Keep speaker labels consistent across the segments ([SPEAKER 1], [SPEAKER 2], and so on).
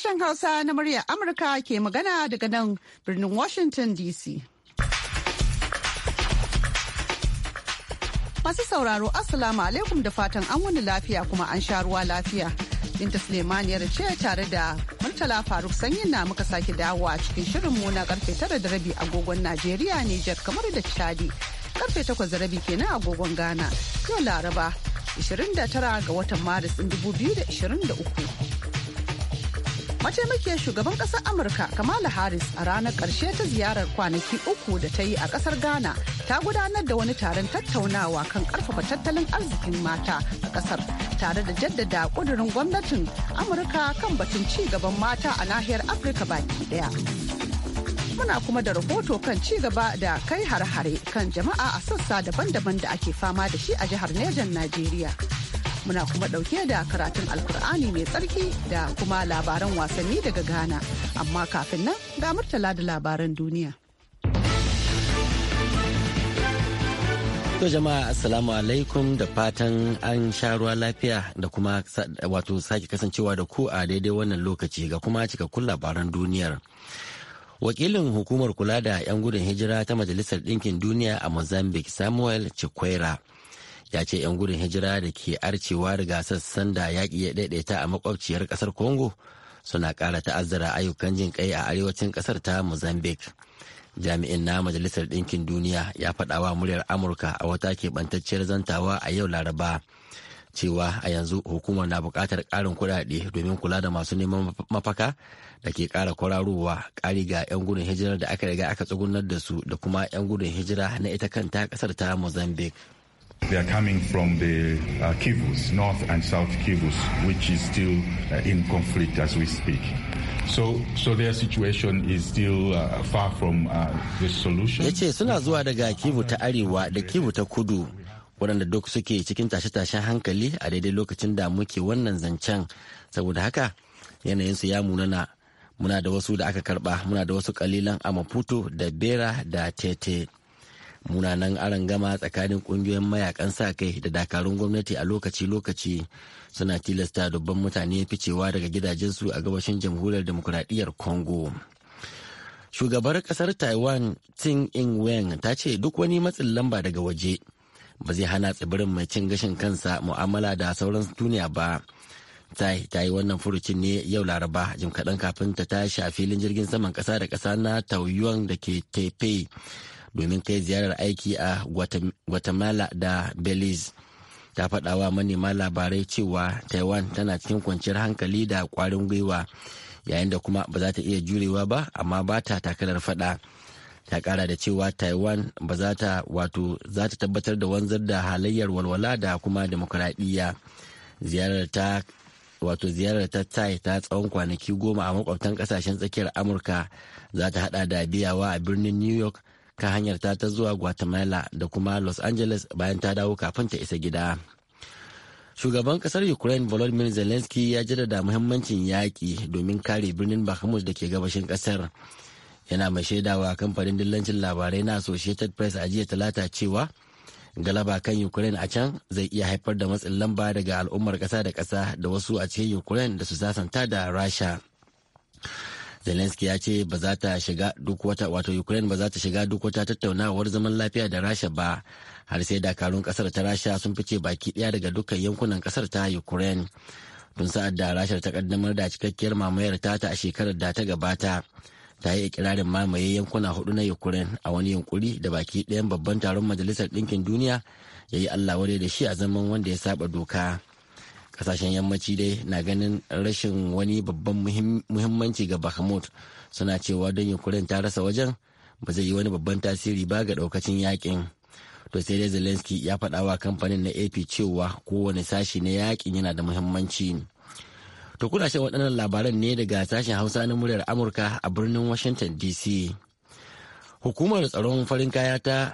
[SPEAKER 1] Sashen Hausa na muryar Amurka ke magana daga nan birnin Washington DC. Masu sauraro Assalamu alaikum da fatan an wani lafiya kuma an sha ruwa lafiya. Binta Sulemaniyar ce tare da Murtala Faruk Sanyin na muka sake dawowa cikin shirinmu na karfe tara da rabi agogon Najeriya Nijar kamar da Chadi. Karfe takwas da rabi kenan agogon Ghana. Yau Laraba 29 ga watan Maris 2023. mataimakiyar shugaban ƙasar amurka kamala harris a ranar ƙarshe ta ziyarar kwanaki uku da ta yi a ƙasar ghana ta gudanar da wani taron tattaunawa kan ƙarfafa tattalin arzikin mata a ƙasar tare da jaddada ƙudurin gwamnatin amurka kan batun ci gaban mata a nahiyar afirka baki ɗaya. muna kuma da rahoto kan ci gaba da kai har-hare kan jama'a a sassa daban-daban da ake fama da shi a jihar Nejan Najeriya. muna kuma ɗauke da karatun alkur'ani mai tsarki da kuma labaran wasanni daga ghana amma kafin nan ga murtala da labaran duniya
[SPEAKER 2] To jama'a assalamu alaikum da fatan an sha ruwa lafiya da kuma wato sake kasancewa da ku a daidai wannan lokaci ga kuma cikakkun labaran duniyar. Wakilin hukumar kula da 'yan gudun hijira ta Majalisar Ɗinkin Duniya a Mozambique Samuel Chikwera ya ce 'yan gudun hijira da ke arcewa daga sassan da yaƙi ya daidaita a makwabciyar ƙasar congo suna ƙara ta'azzara ayyukan jin kai a arewacin ƙasar ta mozambique jami'in na majalisar ɗinkin duniya ya faɗawa muryar amurka a wata keɓantacciyar zantawa a yau laraba cewa a yanzu hukumar na buƙatar ƙarin kuɗaɗe domin kula da masu neman mafaka da ke ƙara kwararowa ƙari ga 'yan gudun hijirar da aka riga aka tsugunar da su da kuma 'yan gudun hijira na ita kanta ƙasar ta mozambique
[SPEAKER 3] They are coming from the uh, Kivus, North and South Kivus, which is still uh, in conflict as we speak. So, so their situation is
[SPEAKER 2] still uh, far from uh, the solution. yace suna zuwa daga Kivu ta Arewa da Kivu ta Kudu, waɗanda duk suke cikin tashe-tashen hankali a daidai lokacin da muke wannan zancen. Saboda haka, yanayinsu ya munana. Muna da wasu da aka karɓa, muna da wasu kalilan a Maputo da Bera da Tete. munanan arangama tsakanin kungiyoyin mayakan sa kai da dakarun gwamnati a lokaci-lokaci suna tilasta dubban mutane ficewa daga gidajensu a gabashin jamhuriyar demokuraɗiyyar congo shugabar kasar taiwan ting ing wen ta ce duk wani matsin lamba daga waje ba zai hana tsibirin mai cin gashin kansa mu'amala da sauran duniya ba tai ta yi wannan furucin ne yau laraba jim kaɗan kafin ta tashi a filin jirgin saman ƙasa da ƙasa na tauyuwan da ke taipei domin kai ziyarar aiki a guatemala da belize ta faɗa manema labarai cewa taiwan tana cikin kwanciyar hankali da kwarin gwiwa yayin da kuma ba za ta iya jurewa ba amma ba ta takarar faɗa ta kara da cewa taiwan ba za ta wato za ta tabbatar da wanzar da halayyar walwala da kuma demokuraɗiyya ziyarar ta wato ziyarar ta tai ta tsawon kwanaki goma a makwabtan kasashen tsakiyar amurka za ta hada da biyawa a birnin new york ka hanyar ta ta zuwa guatemala da kuma los angeles bayan ta dawo kafin ta isa gida shugaban kasar ukraine volodymyr zelensky ya jaddada muhimmancin yaƙi domin kare birnin bakhmut da ke gabashin kasar yana mai shaidawa kamfanin dillancin labarai na associated press a jiya talata cewa galaba kan ukraine a can zai iya haifar da matsin lamba daga al'ummar ƙasa da kasa da wasu a cikin ukraine da su sasanta da rasha Zelensky ya ce ba za ta shiga duk wata wato Ukraine ba za ta shiga duk wata tattaunawar zaman lafiya da Rasha ba har sai dakarun kasar ta Rasha sun fice baki daya daga dukkan yankunan kasar ta Ukraine. Tun sa'ad da Rasha ta kaddamar da cikakkiyar mamayar ta a shekarar da ta gabata. ta yi ikirarin mamaye yankuna hudu na ukraine a wani yunkuri da baki ɗayan babban taron majalisar ɗinkin duniya ya yi allah da shi a zaman wanda ya saba doka kasashen yammaci dai na ganin rashin wani babban muhimmanci ga bahamut suna cewa don ukraine ta rasa wajen ba zai yi wani babban tasiri ba ga daukacin yakin to sai dai zelensky ya faɗa wa kamfanin na ap cewa kowane sashi na yakin yana da muhimmanci to kuna waɗannan labaran ne daga sashen hausa na muryar amurka a birnin washington dc hukumar tsaron farin kaya ta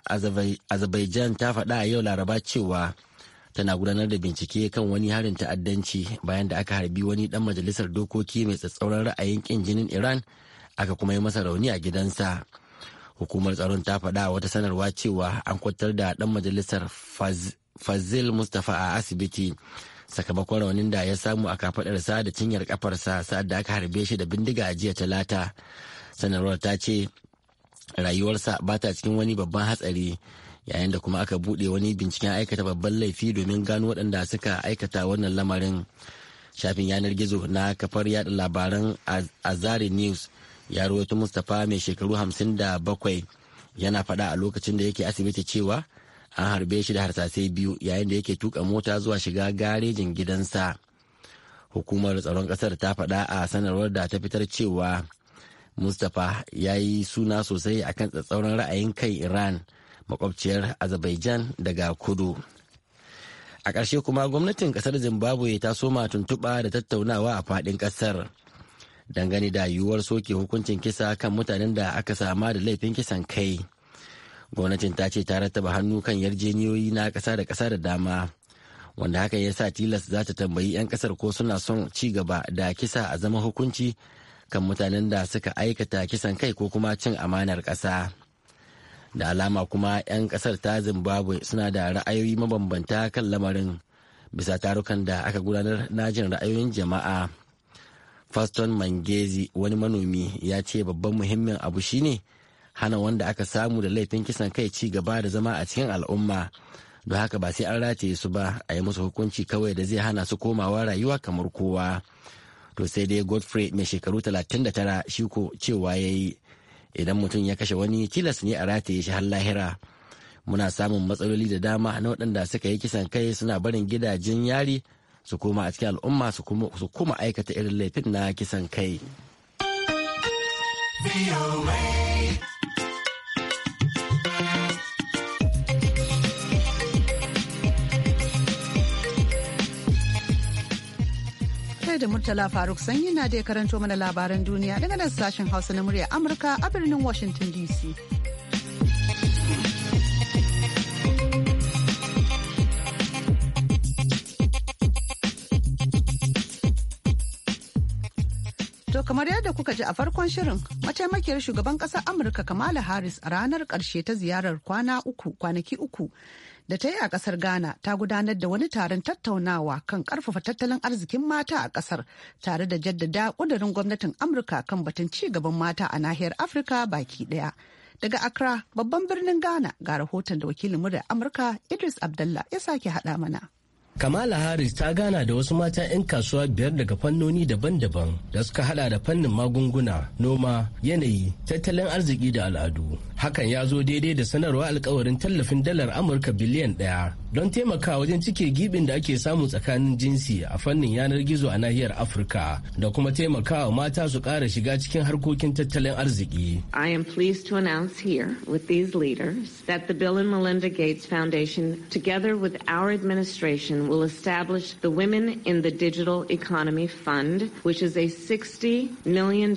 [SPEAKER 2] azerbaijan ta faɗa a yau laraba cewa tana gudanar da bincike kan wani harin ta'addanci bayan da aka harbi wani dan majalisar dokoki mai tsatsauran ra'ayin kin jinin iran aka kuma yi masa rauni a gidansa hukumar tsaron ta faɗa wata sanarwa cewa an kwatar da dan majalisar fazil mustapha a asibiti sakamakon raunin da ya samu a kafadarsa da cinyar kafarsa sa'ad da aka harbe shi da bindiga a jiya talata sanarwar ta ce rayuwarsa ba ta cikin wani babban hatsari yayin da kuma aka buɗe wani binciken aikata babban laifi domin gano waɗanda suka aikata wannan lamarin shafin yanar gizo na kafar yada labaran azari news ya rawaito mustapha mai shekaru 57 yana faɗa a lokacin da yake asibiti cewa an harbe shi da harsasai biyu yayin da yake tuka mota zuwa shiga garejin gidansa hukumar tsaron ƙasar ta faɗa a sanarwar da ta fitar cewa mustapha ya yi suna sosai akan tsatsauran ra'ayin kai iran makwabciyar azerbaijan daga kudu a ƙarshe kuma gwamnatin ƙasar zimbabwe ta soma tuntuɓa da tattaunawa a faɗin ƙasar dangane da yiwuwar soke hukuncin kisa kan mutanen da aka sama da laifin kisan kai gwamnatin ta ce ta rattaba hannu kan yarjeniyoyi na ƙasa da ƙasa da dama wanda hakan ya sa tilas za ta tambayi 'yan ƙasar ko suna son ci gaba da kisa a zama hukunci kan mutanen da suka aikata kisan kai ko kuma cin amanar ƙasa. da alama kuma 'yan kasar ta zimbabwe suna da ra'ayoyi mabambanta kan lamarin bisa tarukan da aka gudanar na jin ra'ayoyin jama'a faston mangezi wani manomi ya ce babban muhimmin abu shine hana wanda aka samu da laifin kisan kai ci gaba da zama a cikin al'umma don haka ba sai an rataye su ba a yi musu hukunci kawai da zai hana su komawa rayuwa kamar kowa to sai dai godfrey mai shekaru 39 shi ko cewa ya yi idan mutum ya kashe wani tilas ne a rataye shi har lahira muna samun matsaloli da dama na waɗanda suka yi kisan kai suna barin gidajen yari su koma a cikin al'umma su kuma aikata irin laifin na kisan kai.
[SPEAKER 1] tare da Murtala Faruk Sanyi na da karanto mana labaran duniya daga nan sashen Hausa na murya Amurka a birnin Washington DC. To kamar yadda kuka ji a farkon shirin mataimakiyar shugaban ƙasar Amurka Kamala Harris a ranar ƙarshe ta ziyarar kwana uku kwanaki uku da ta yi a kasar Ghana ta gudanar da wani taron tattaunawa kan karfafa tattalin arzikin mata a kasar tare da jaddada kudurin gwamnatin Amurka kan batun ci gaban mata a nahiyar Afirka baki daya. Daga Accra babban birnin Ghana ga rahoton da wakilin murya Amurka Idris Abdullahi ya sake hada mana.
[SPEAKER 4] Kamala Harris ta gana da wasu mata 'yan kasuwa biyar daga fannoni daban-daban da suka hada da fannin magunguna, noma, yanayi, tattalin arziki da al'adu. Hakan ya zo daidai da sanarwa alkawarin tallafin dalar Amurka biliyan ɗaya don taimakawa wajen cike gibin da ake samu tsakanin jinsi a fannin yanar gizo a nahiyar Afirka da kuma taimakawa mata su ƙara shiga cikin harkokin tattalin arziki.
[SPEAKER 3] I am pleased to announce here with these leaders that the Bill and Melinda Gates Foundation together with our administration Foundation will establish the Women in the Digital Economy Fund, which is a $60 million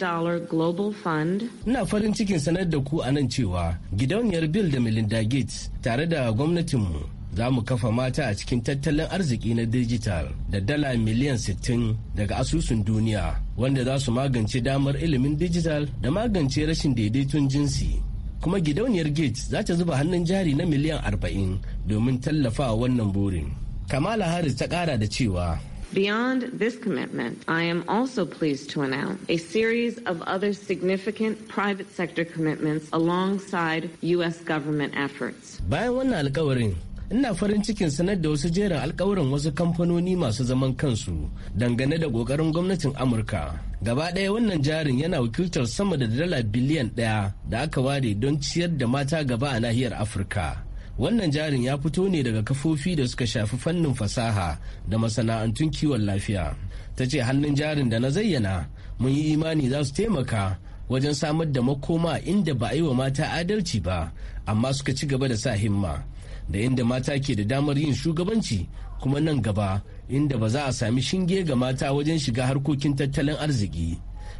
[SPEAKER 3] global fund. Ina farin
[SPEAKER 4] cikin sanar da ku a nan cewa gidauniyar Bill da Melinda Gates tare da gwamnatinmu za mu kafa mata a cikin tattalin arziki na dijital da dala miliyan 60 daga asusun duniya wanda za su magance damar ilimin dijital da magance rashin daidaiton jinsi. kuma gidauniyar gates za ta zuba hannun jari na miliyan 40 domin tallafa wannan burin. Kamala Harris ta kara da cewa
[SPEAKER 3] Beyond this commitment, I am also pleased to announce a series of other significant private sector commitments alongside U.S. government efforts.
[SPEAKER 4] Bayan wannan alkawarin, ina farin cikin sanar da wasu jerin alkawarin wasu kamfanoni masu zaman kansu dangane da kokarin gwamnatin Amurka. Gaba ɗaya wannan jarin yana wakiltar sama da dala biliyan ɗaya da aka ware don ciyar da mata gaba a nahiyar Afirka. wannan jarin ya fito ne daga kafofi da suka shafi fannin fasaha da masana'antun kiwon lafiya ta ce hannun jarin da na zayyana mun yi imani za su taimaka wajen samar da makoma inda ba a yi wa mata adalci ba amma suka ci gaba da sa himma da inda mata ke da damar yin shugabanci kuma nan gaba inda ba za a sami shinge ga mata wajen shiga harkokin tattalin arziki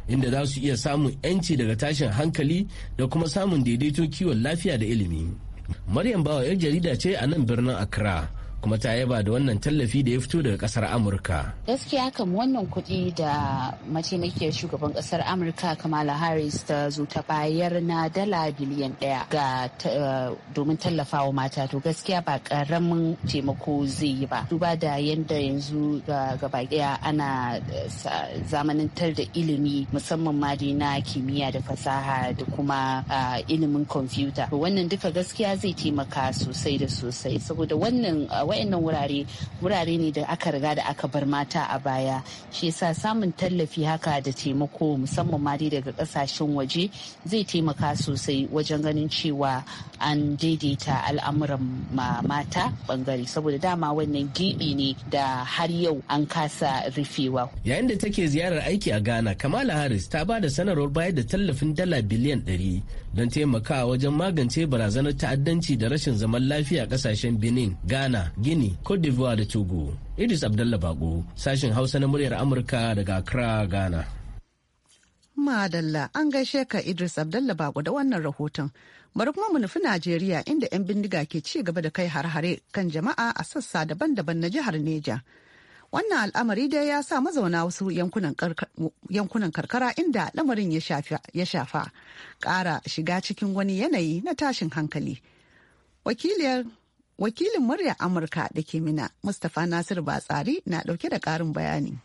[SPEAKER 4] inda za su iya samun 'yanci daga tashin hankali da kuma samun daidaito kiwon lafiya da ilimi. Maryam Bawa 'yar jarida ce a nan birnin Accra kuma ta yaba da wannan tallafi da ya fito daga kasar amurka
[SPEAKER 1] gaskiya kam wannan kuɗi da mataimakiyar shugaban kasar amurka kamala harris ta zo ta bayar na dala biliyan ɗaya ga eh, domin tallafawa mata to gaskiya ba ƙaramin taimako zai yi ba duba da yadda yanzu gaba ɗaya ana eh, zamanantar da ilimi musamman ma na kimiyya da fasaha da kuma ah, ilimin kwamfuta wannan duka gaskiya zai taimaka sosai da sosai saboda wannan ah, wayannan wurare wurare ne da aka riga da aka bar mata a baya shi yasa samun tallafi haka da taimako musamman ma dai daga kasashen waje zai taimaka sosai wajen ganin cewa an daidaita al'amuran mata bangare saboda dama wannan gibi ne da har yau an kasa rufewa yayin
[SPEAKER 4] da take ziyarar aiki a ghana kamala harris ta ba da sanarwar bayar da tallafin dala biliyan ɗari. don taimakawa wajen magance barazanar ta'addanci da rashin zaman lafiya kasashen benin ghana guinea cote d'ivoire da togo idris abdalla bako sashen hausa na muryar amurka daga accra ghana
[SPEAKER 1] madalla an gaishe ka idris abdalla bako da wannan rahoton bari kuma mu nufi najeriya inda 'yan bindiga ke ci gaba da kai har-hare kan jama'a a sassa daban-daban na jihar neja Wannan al'amari dai ya sa mazauna wasu yankunan karkara inda lamarin ya shafa ƙara shiga cikin wani yanayi na tashin hankali. Wakilin murya Amurka da ke mina Mustapha Nasir Batsari na ɗauke da ƙarin bayani.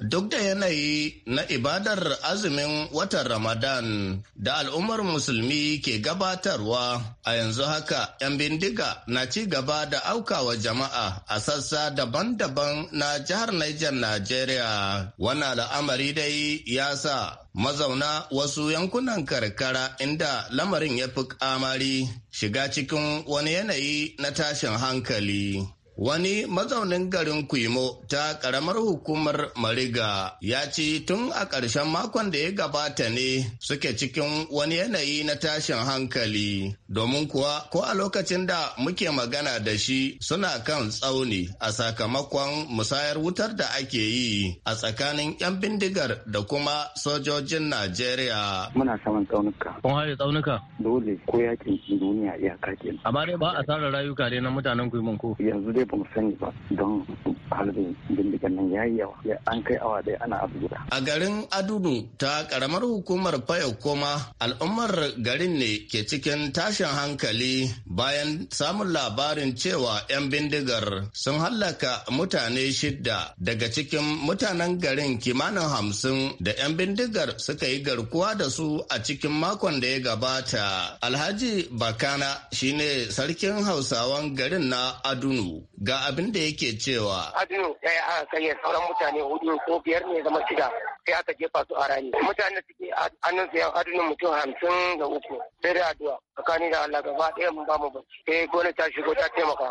[SPEAKER 1] Duk
[SPEAKER 5] da yanayi na ibadar azumin watan Ramadan da al'ummar musulmi ke gabatarwa a yanzu haka 'yan bindiga na ci gaba da aukawa jama'a a sassa daban-daban na jihar Niger Najeriya. Wani al'amari dai ya sa mazauna wasu yankunan karkara inda lamarin ya fi kamari shiga cikin wani yanayi na tashin hankali. Wani mazaunin garin Kuimo ta ƙaramar hukumar Mariga ya ce tun a ƙarshen makon da ya gabata ne suke cikin wani yanayi na tashin hankali. Domin kuwa ko a lokacin da muke magana da shi suna kan tsauni a sakamakon musayar wutar da ake yi a tsakanin 'yan bindigar da kuma sojojin Najeriya. Muna saman tsaunuka.
[SPEAKER 4] Kun hari tsaunuka?
[SPEAKER 5] Dole ko yakin duniya iyaka kenan. Amma dai ba a asarar rayuka ne na mutanen Kuimo ko?
[SPEAKER 6] Yanzu kawai ba mu sani ba don halin bindigan nan ya yi yawa an kai awa ɗaya ana abu guda.
[SPEAKER 5] a garin Adunu ta karamar hukumar fayo koma al'ummar garin ne ke cikin tashin hankali bayan samun labarin cewa 'yan bindigar sun hallaka mutane shidda daga cikin mutanen garin kimanin hamsin da 'yan bindigar suka yi garkuwa da su a cikin makon da ya gabata alhaji bakana shine sarkin hausawan garin na adunu ga abin da yake cewa. Adiyo ya eh, yi aka sauran mutane hudu ko biyar ne zama shida sai aka jefa su a rani mutane suke hannun su ya mutum hamsin da uku sai da addu'a tsakani da Allah gaba ɗaya mun ba mu bacci sai gwamnati ta shigo ta taimaka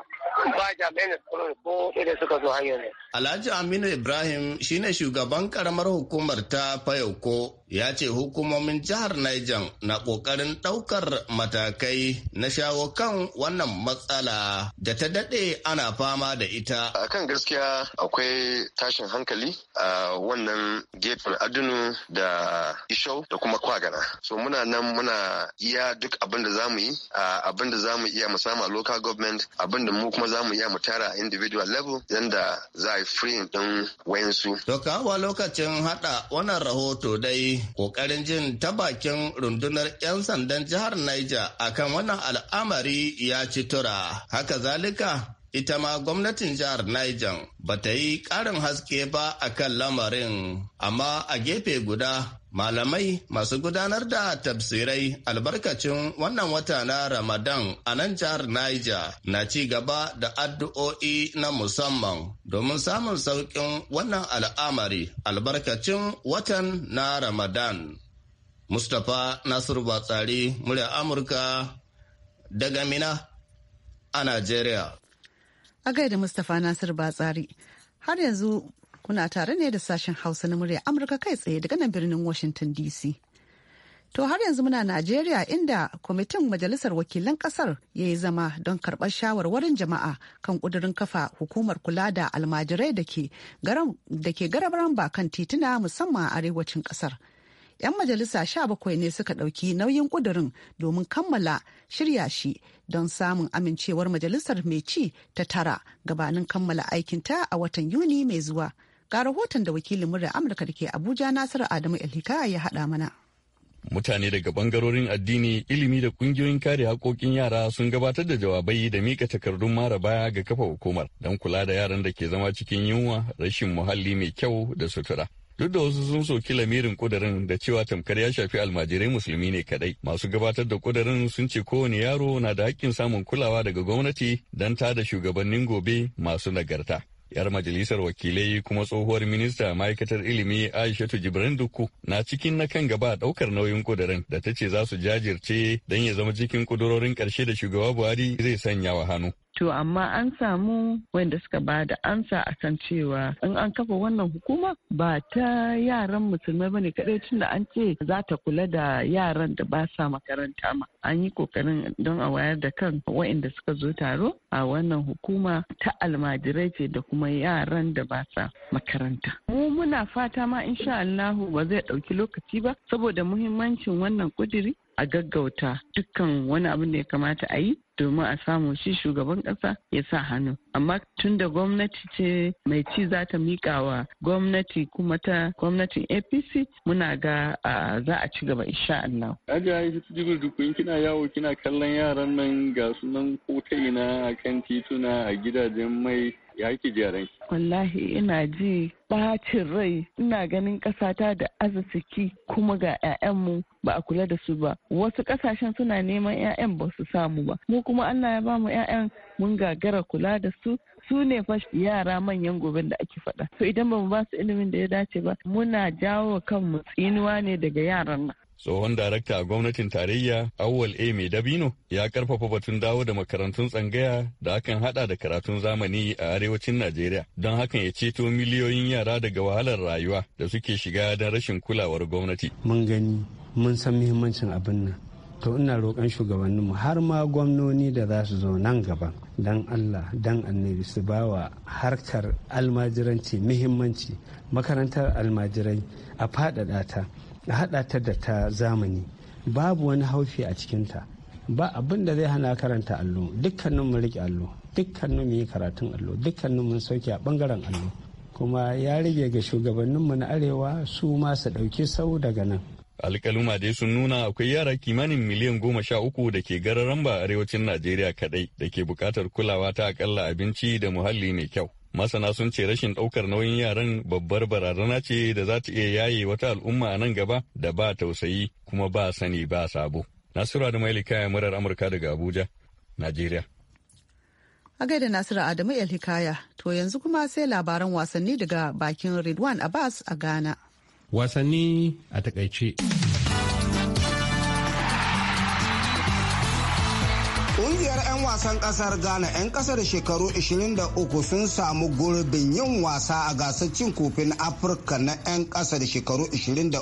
[SPEAKER 5] ba jami'an da tsaro ko sai da suka zo har yanzu. Alhaji Aminu Ibrahim shine shugaban karamar hukumar ta Fayoko ya ce hukumomin jihar Niger na kokarin ɗaukar matakai na shawo kan wannan matsala da ta daɗe ana fama da ita. Akan gaskiya akwai tashin hankali a wannan gefe municipal adunu da ishau da kuma kwagana so muna nan muna iya duk abin da za mu yi abin da zamu iya mu sama local government abin da mu kuma za mu iya mu tara individual level yanda za a yi free din wayansu. to kawo lokacin hada wannan rahoto dai kokarin jin ta bakin rundunar 'yan sandan jihar niger akan wannan al'amari ya ci tura haka zalika ita ma gwamnatin jihar Niger ba ta yi ƙarin haske ba a kan lamarin, amma a gefe guda malamai masu gudanar da tafsirai albarkacin wannan wata na Ramadan a nan jihar Niger na ci gaba da addu'o'i na musamman domin samun sauƙin wannan al'amari albarkacin watan na Ramadan. Mustapha nasir Batsari, murya Amurka daga Mina a Najeriya.
[SPEAKER 1] a gaida Mustapha Nasir Batsari. Har yanzu kuna tare ne da sashen Hausa na murya Amurka kai tsaye daga nan birnin Washington DC. To har yanzu muna Najeriya inda kwamitin Majalisar Wakilan Kasar ya yi zama don karɓar shawarwarin jama'a kan ƙudurin kafa hukumar kula da almajirai da ke garabaran kan tituna musamman a arewacin ƙasar. 'Yan majalisa sha bakwai ne suka ɗauki nauyin ƙudurin domin kammala shirya shi don samun amincewar majalisar mai ci ta tara gabanin kammala aikinta a watan Yuni mai zuwa. Ga rahoton da wakilin murya Amurka da ke Abuja Nasiru Adamu Elhika ya hada mana.
[SPEAKER 3] mutane daga bangarorin addini ilimi da kungiyoyin kare haƙoƙin yara sun gabatar da jawabai da mika takardun mara baya ga kafa hukumar don kula da yaran da ke zama cikin yunwa rashin muhalli mai kyau da sutura duk da wasu sun soki lamirin kudarin da cewa tamkar ya shafi almajirai musulmi ne kadai masu gabatar da kudarin sun ce kowane yaro na da hakkin samun kulawa daga gwamnati don ta da shugabannin gobe masu nagarta yar majalisar wakilai kuma tsohuwar minista ma'aikatar ilimi aishatu jibrin dukku na cikin na kan gaba daukar nauyin kudarin da ta ce za su jajirce don ya zama cikin kudurorin karshe da shugaba buhari zai sanya wa hannu
[SPEAKER 7] to amma an samu wanda suka ba da amsa a kan cewa in an kafa wannan hukuma ba ta yaran musulmai ba bane kadai Tun da an ce za ta kula da yaran da ba sa makaranta ma an yi kokarin don a wayar da kan waɗanda suka zo taro a wannan hukuma ta almajirai ce da kuma yaran da ba sa makaranta mu muna fata ma insha Allahu ba zai ɗauki lokaci ba saboda muhimmancin wannan kudiri a gaggauta dukkan wani abin ne ya kamata a yi domin a samu shi shugaban kasa ya sa hannu amma tun da gwamnati ce mai ci za ta miƙa wa gwamnati kuma ta gwamnatin apc muna ga za a ci gaba insha Allah.
[SPEAKER 3] Aja ya su jigur dukkan kina yawo kina kallon yaran nan ga sunan kotai na a kan tituna a gidajen mai ya yake ji
[SPEAKER 7] wallahi ina ji bacin rai ina ganin ƙasata da arziki kuma ga 'ya'yanmu ba a kula da su ba wasu ƙasashen suna neman 'ya'yan ba su samu ba mu kuma allah ya ba mu 'ya'yan mun gagara kula da su su ne fa yara manyan gobe da ake faɗa to idan ba mu ba su ilimin da ya dace ba muna jawo kanmu tsinuwa ne daga yaran nan
[SPEAKER 3] tsohon darakta a gwamnatin tarayya awwal a mai dabino ya karfafa batun dawo da makarantun tsangaya da hakan hada da karatun zamani a arewacin najeriya don hakan ya ceto miliyoyin yara daga wahalar rayuwa da suke shiga don rashin kulawar gwamnati
[SPEAKER 6] mun gani mun san muhimmancin abin nan to ina roƙon mu har ma gwamnoni da za su zo nan gaba dan allah dan annabi su ba wa harkar almajiranci muhimmanci makarantar almajirai a faɗaɗa ta a haɗa ta da ta zamani babu wani haufi a cikinta ba abin da zai hana karanta allo dukkanin mu rike allo dukkanin mu yi karatun allo dukkanin mun sauke a bangaren allo kuma ya rage ga shugabannin mu na arewa su ma su ɗauki sau daga nan
[SPEAKER 3] alkaluma dai sun nuna akwai yara kimanin miliyan goma sha uku da ke gararan ba arewacin najeriya kadai da ke bukatar kulawa ta akalla abinci da muhalli mai kyau masana sun ce rashin ɗaukar nauyin yaran babbar barazana ce da za ta iya yaye wata al'umma a nan gaba da ba tausayi kuma ba sani ba sabo nasiru adamu hikaya murar amurka daga abuja najeriya
[SPEAKER 1] a gaida nasiru adamu hikaya to yanzu kuma sai labaran wasanni daga bakin ridwan abbas a ghana
[SPEAKER 4] wasanni a takaice
[SPEAKER 6] duka 'yan wasan kasar ghana 'yan kasar shekaru 23 sun samu gurbin yin wasa a gasar cin kofin afirka na 'yan kasar shekaru 23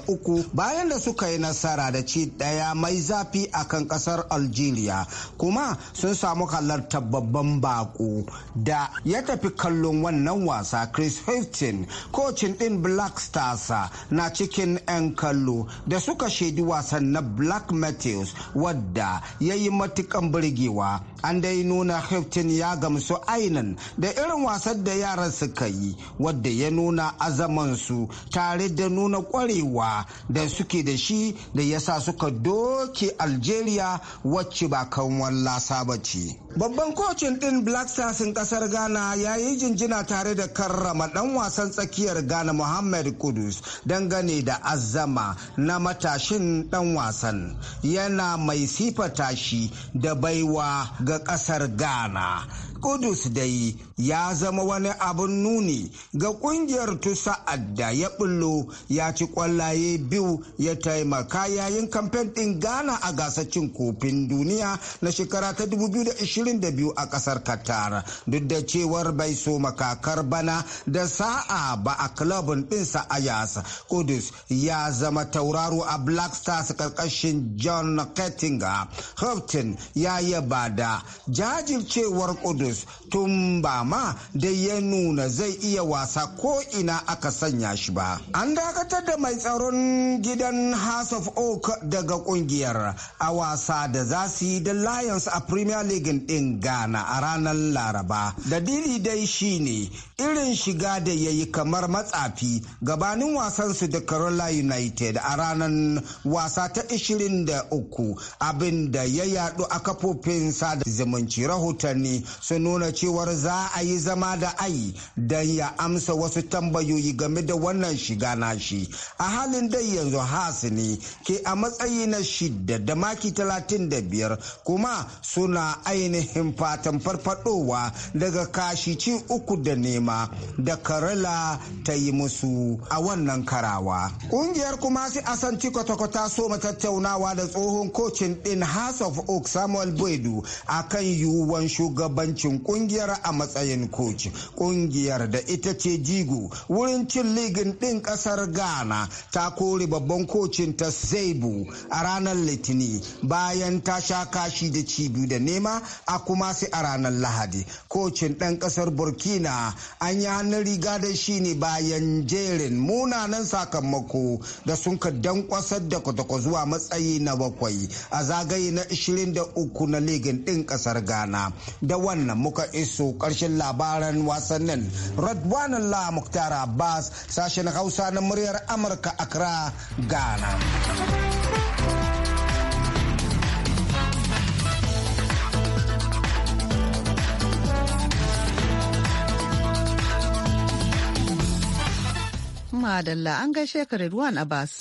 [SPEAKER 6] bayan da suka yi nasara da ci daya mai zafi a kan kasar algeria kuma sun samu halartar babban bako da ya tafi kallon wannan wasa chris hilton kocin din black stars na cikin 'yan kallo da suka shaidi wasan na black matthews wadda ya yi matukan birgewa an dai nuna Hifton ya gamsu ainan da irin wasan da yaran suka yi wadda ya nuna azamansu tare da nuna kwarewa da suke da shi da ya sa suka doke algeria wacce ba kan walla ba ce babban kocin din black stars kasar ghana ya yi jinjina tare da karrama dan wasan tsakiyar ghana muhammad kudus dangane da azama na matashin dan wasan yana mai sifata shi da baiwa daga ƙasar ghana kudus dai ya zama wani abin nuni ga kungiyar tusa da ya bullo ya ci kwallaye biyu ya taimaka yayin kamfen din ghana a gasar cin kofin duniya na shekara ta 2022 a kasar qatar duk da cewar bai so makakar bana da sa'a ba a klabin ɗinsa a yasa kudus ya zama tauraro a black stars karkashin john kettinger houghton ya yaba da jajircewar kudus tun ba amma dai ya nuna zai iya wasa ko ina aka sanya shi ba. An dakatar da mai tsaron gidan House of Oak daga kungiyar a wasa da za su yi da Lions a Premier League ɗin Ghana a ranar Laraba. Dalili dai shine irin shiga da ya yi kamar matsafi gabanin wasansu da Carola United a ranar wasa ta 23 abin da ya yadu a kafofin sada zumunci rahotanni su nuna cewar za a yi zama da ai don ya amsa wasu tambayoyi game da wannan shiga nashi a halin dai yanzu hasini ke a matsayi na shida da maki 35 kuma suna ainihin fatan farfadowa daga kashi ci uku da nema da karela ta yi musu a wannan karawa ƙungiyar kuma sai asanti kwata-kwata so tattaunawa da tsohon kocin din house of oak samuel boydu a kan yiwuwan shugabancin ƙungiyar a matsayin koci ƙungiyar da ita ce jigo wurin cin ligin din kasar ghana ta kore babban kocin ta Zebu a ranar litini bayan ta sha kashi da cibiyu da nema a kuma sai a ranar lahadi kocin ɗan ƙasar burkina an yi hannun riga da shi ne bayan jerin munanan sakamako da sun ka dankwasar da kwatakwa zuwa matsayi na bakwai a zagaye na 23 na ligin ɗin ƙasar ghana da wannan muka iso ƙarshen labaran wasannin radwanan la muktar abbas sashen hausa na muryar amurka accra ghana
[SPEAKER 1] Madalla an gaishe ka Ridwan Abbas.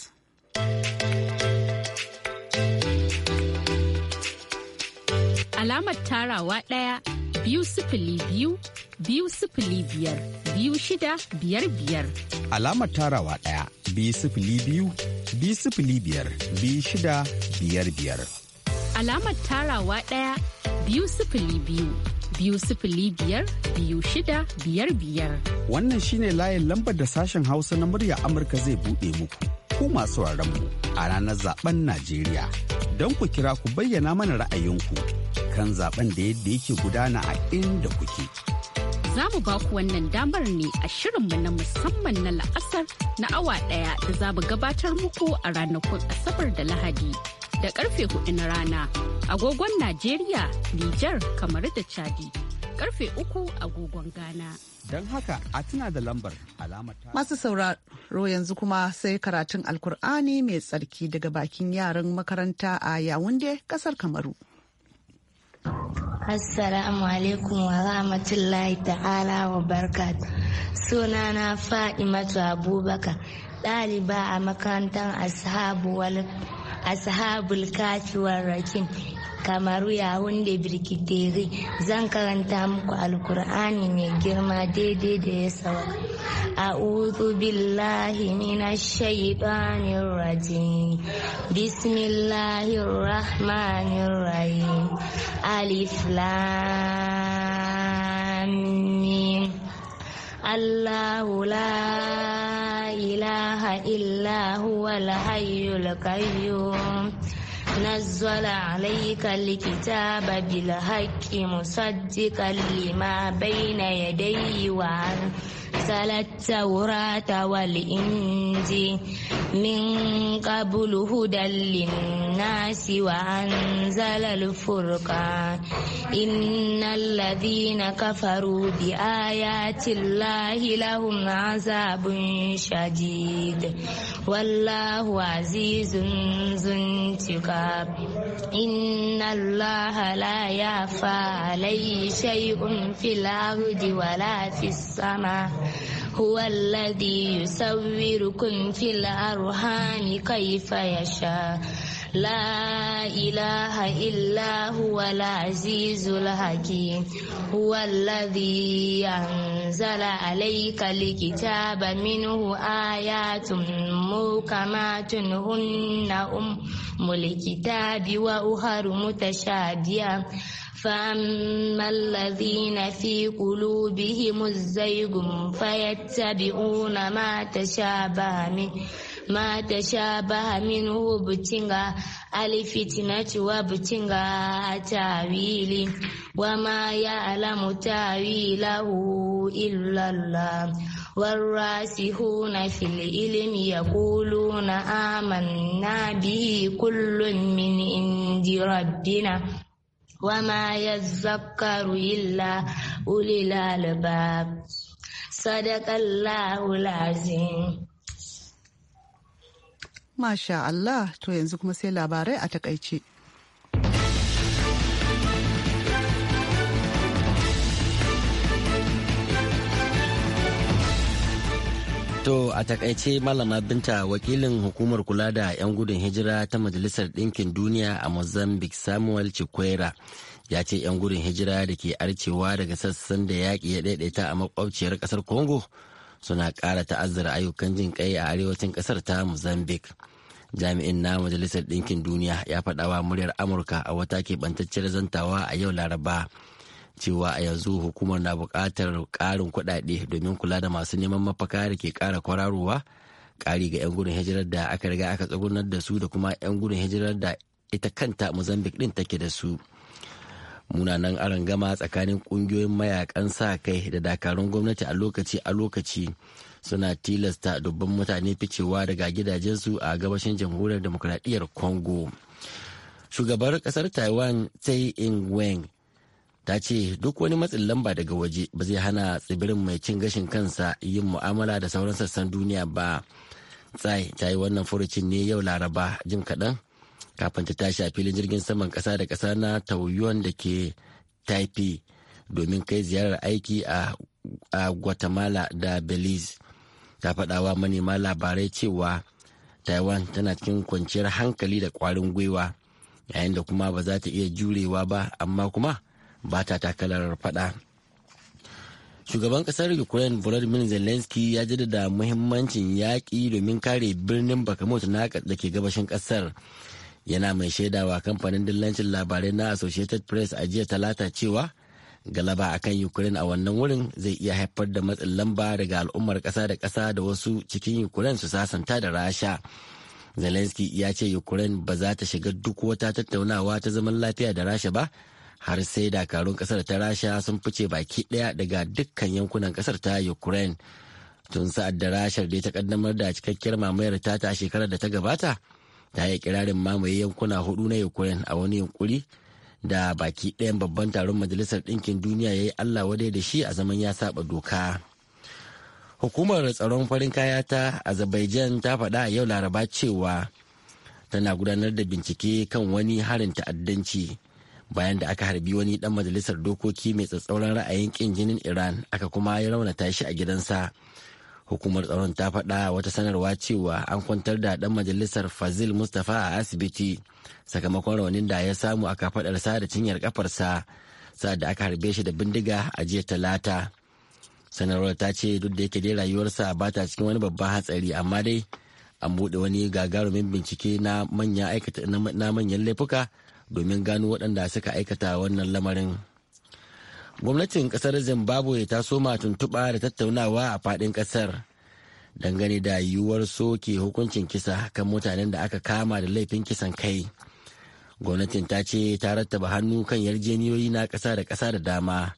[SPEAKER 1] Alamar tarawa ɗaya biyu sifili biyu
[SPEAKER 8] biyu sifili biyar biyu shida biyar biyar.
[SPEAKER 6] Alamar tarawa ɗaya biyu sifili biyu biyu sifili biyar biyu shida biyar biyar.
[SPEAKER 1] Alamar tarawa ɗaya biyu sifili biyu biyu sifili biyar biyu shida biyar biyar.
[SPEAKER 6] Wannan shine layin lambar da sashen Hausa na murya Amurka zai buɗe muku. Ku masu mu a ranar zaben Najeriya. Don ku kira ku bayyana mana ra'ayinku kan zaben da yadda yake gudana a inda kuke.
[SPEAKER 1] Za mu ba ku wannan damar ne a shirinmu na musamman na la'asar na awa ɗaya da za mu gabatar muku a ranakun Asabar da Lahadi. da karfe 4 na rana agogon Najeriya, Nijar, kamar da Chadi. Karfe 3 agogon
[SPEAKER 4] Ghana. Don haka a tuna da lambar alamata. Masu
[SPEAKER 1] sauraro yanzu kuma sai karatun Alkur'ani mai tsarki daga bakin yaran makaranta a Yawunde, kasar Kamaru.
[SPEAKER 8] Assalamu alaikum wa rahmatullahi ta'ala wa barkat. Sunana Fa'imatu Abubakar, ɗaliba a makarantar Ashabu wal ashabul kafi rakin kamaru ya hunde birkidere zan karanta muku alkur'ani mai girma daidai da ya sawa a'udhu billahi minash shaitanir rajim bismillahir rahmanir rahim alif lam mim allah la لا إله إلا هو الحي القيوم نزل عليك الكتاب بالحق مصدقا لما بين يديه وعنه أنزل التوراة والإنجيل من قبل هدى للناس وأنزل الفرقان إن الذين كفروا بآيات الله لهم عذاب شديد والله عزيز ذو انتقام إن الله لا يعفى عليه شيء في الأرض ولا في السماء Waladhi yi su a wuyan kai ruhani ka sha. La ilaha illa wani azizu haki. Waladhi anzala alaikali kitaba min huaya tun mu kamata hunna mulukitabi wa uharu mutu ta sha biya. فأما الذين في قلوبهم الزيغ فيتبعون ما تشابه منه ما تشابه منه ابتغاء الفتنة وابتغاء تاويله وما يعلم تاويله إلا الله والراسخون في العلم يقولون آمنا به كل من عند ربنا وما يذكر إلا أولي الألباب صدق الله العظيم
[SPEAKER 1] Masha Allah to yanzu kuma sai labarai a takaice.
[SPEAKER 2] To a takaice Malama Binta wakilin hukumar kula da 'yan gudun hijira ta Majalisar Ɗinkin Duniya a Mozambique Samuel Chikwera ya ce 'yan gudun hijira da ke arcewa daga sassan da yaƙi ya ɗaiɗaita a makwabciyar ƙasar Congo suna ƙara ta'azzara ayyukan jin ƙai a arewacin ƙasar ta Mozambique. Jami'in na Majalisar Ɗinkin Duniya ya faɗawa muryar Amurka a wata keɓantacciyar zantawa a yau Laraba. cewa a yanzu hukumar na buƙatar ƙarin kuɗaɗe domin kula da masu neman mafaka da ke ƙara kwararowa ƙari ga 'yan gudun hijirar da aka riga aka tsugunar da su da kuma 'yan gudun hijirar da ita kanta mozambique ɗin take da su munanan arangama tsakanin ƙungiyoyin mayakan sa kai da dakarun gwamnati a lokaci a lokaci suna tilasta dubban mutane ficewa daga gidajensu a gabashin jamhuriyar demokuraɗiyyar congo shugabar ƙasar taiwan tsaye in ta ce duk wani matsin lamba daga waje ba zai hana tsibirin mai cin gashin kansa yin mu'amala da sauran sassan duniya ba tsai ta yi wannan furucin ne yau laraba jim kaɗan kafin ta tashi a filin jirgin saman ƙasa da ƙasa na tauyon da ke taifi domin kai ziyarar aiki a guatemala da belize ta faɗawa manema labarai cewa taiwan tana cikin kwanciyar hankali da ƙwarin gwiwa yayin da kuma ba za ta iya jurewa ba amma kuma ba ta takalar fada shugaban kasar ukraine volodymyr zelensky ya jaddada muhimmancin yaƙi domin kare birnin bakamut na da ke gabashin kasar yana mai shaidawa kamfanin dillancin labarai na associated press a jiya talata cewa galaba a kan ukraine a wannan wurin zai iya haifar da matsin lamba daga al'ummar ƙasa da ƙasa da wasu cikin ukraine su sasanta da rasha zelensky ya ce ukraine ba za ta shiga duk wata tattaunawa ta zaman lafiya da rasha ba har sai dakarun kasar ta rasha sun fice baki daya daga dukkan yankunan kasar ta ukraine tun sa'ad da rashar da ta kaddamar da cikakkiyar mamayar ta ta shekarar da ta gabata ta yi kirarin mamaye yankuna hudu na ukraine a wani yunkuri da baki ɗayan babban taron majalisar ɗinkin duniya ya yi allah wadai da shi a zaman ya saba doka hukumar tsaron farin kaya ta azerbaijan ta faɗa a yau laraba cewa tana gudanar da bincike kan wani harin ta'addanci bayan da aka harbi wani dan majalisar dokoki mai tsatsauran ra'ayin kin jinin iran aka kuma ya raunata shi a gidansa hukumar tsaron ta faɗa wata sanarwa cewa an kwantar da dan majalisar fazil mustapha a asibiti sakamakon raunin da ya samu a kafaɗarsa da cinyar kafarsa sa'ad da aka harbe shi da bindiga a jiya talata sanarwar ta ce duk da yake dai rayuwarsa ba ta cikin wani babban hatsari amma dai an buɗe wani gagarumin bincike na manyan laifuka domin gano waɗanda suka aikata wannan lamarin gwamnatin ƙasar zimbabwe ta soma tuntuɓa da tattaunawa a faɗin ƙasar dangane da yiwuwar soke hukuncin kisa kan mutanen da aka kama da laifin kisan kai gwamnatin ta ce ta rattaba hannu kan yarjeniyoyi na ƙasa da ƙasa da dama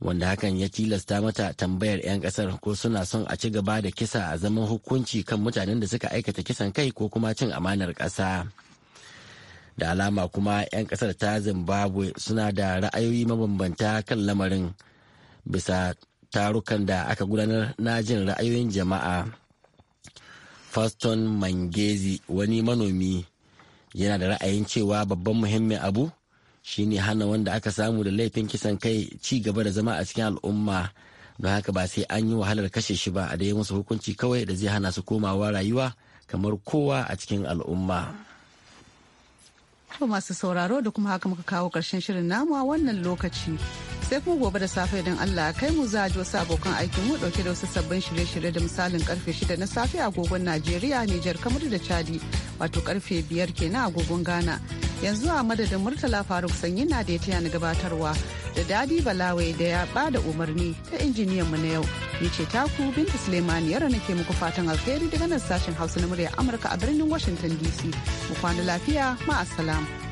[SPEAKER 2] wanda hakan ya tilasta mata tambayar 'yan ƙasar. ko suna son a ci gaba da kisa a zaman hukunci kan mutanen da suka aikata kisan kai ko kuma cin amanar ƙasa. da alama kuma 'yan kasar ta zimbabwe suna da ra'ayoyi mabambanta kan lamarin bisa tarukan da aka gudanar na jin ra'ayoyin jama'a faston mangezi wani manomi yana da ra'ayin cewa babban muhimmin abu shine hana wanda aka samu da laifin kisan kai ci gaba da zama a cikin al'umma don haka ba sai an yi wahalar kashe shi ba a da musu hukunci kawai da zai hana su komawa rayuwa kamar kowa a cikin al'umma.
[SPEAKER 1] To masu sauraro da kuma haka muka kawo karshen shirin namu a wannan lokaci. Sai kuma gobe da safe idan Allah kai mu za a ji wasu abokan aikin mu dauke da wasu sabbin shirye-shirye da misalin karfe 6 na safe a agogon Najeriya, Nijar, Kamaru da Chadi wato karfe 5 kenan agogon Ghana. Yanzu a madadin Murtala Faruk Sanyi na da ya taya ni gabatarwa da Dadi Balawe da ya bada umarni ta injiniyan mu na yau. Ni ce taku Binta Suleiman yara nake muku fatan alheri daga nan sashen Hausa na murya Amurka a birnin Washington DC. Mu kwana lafiya ma'asalam.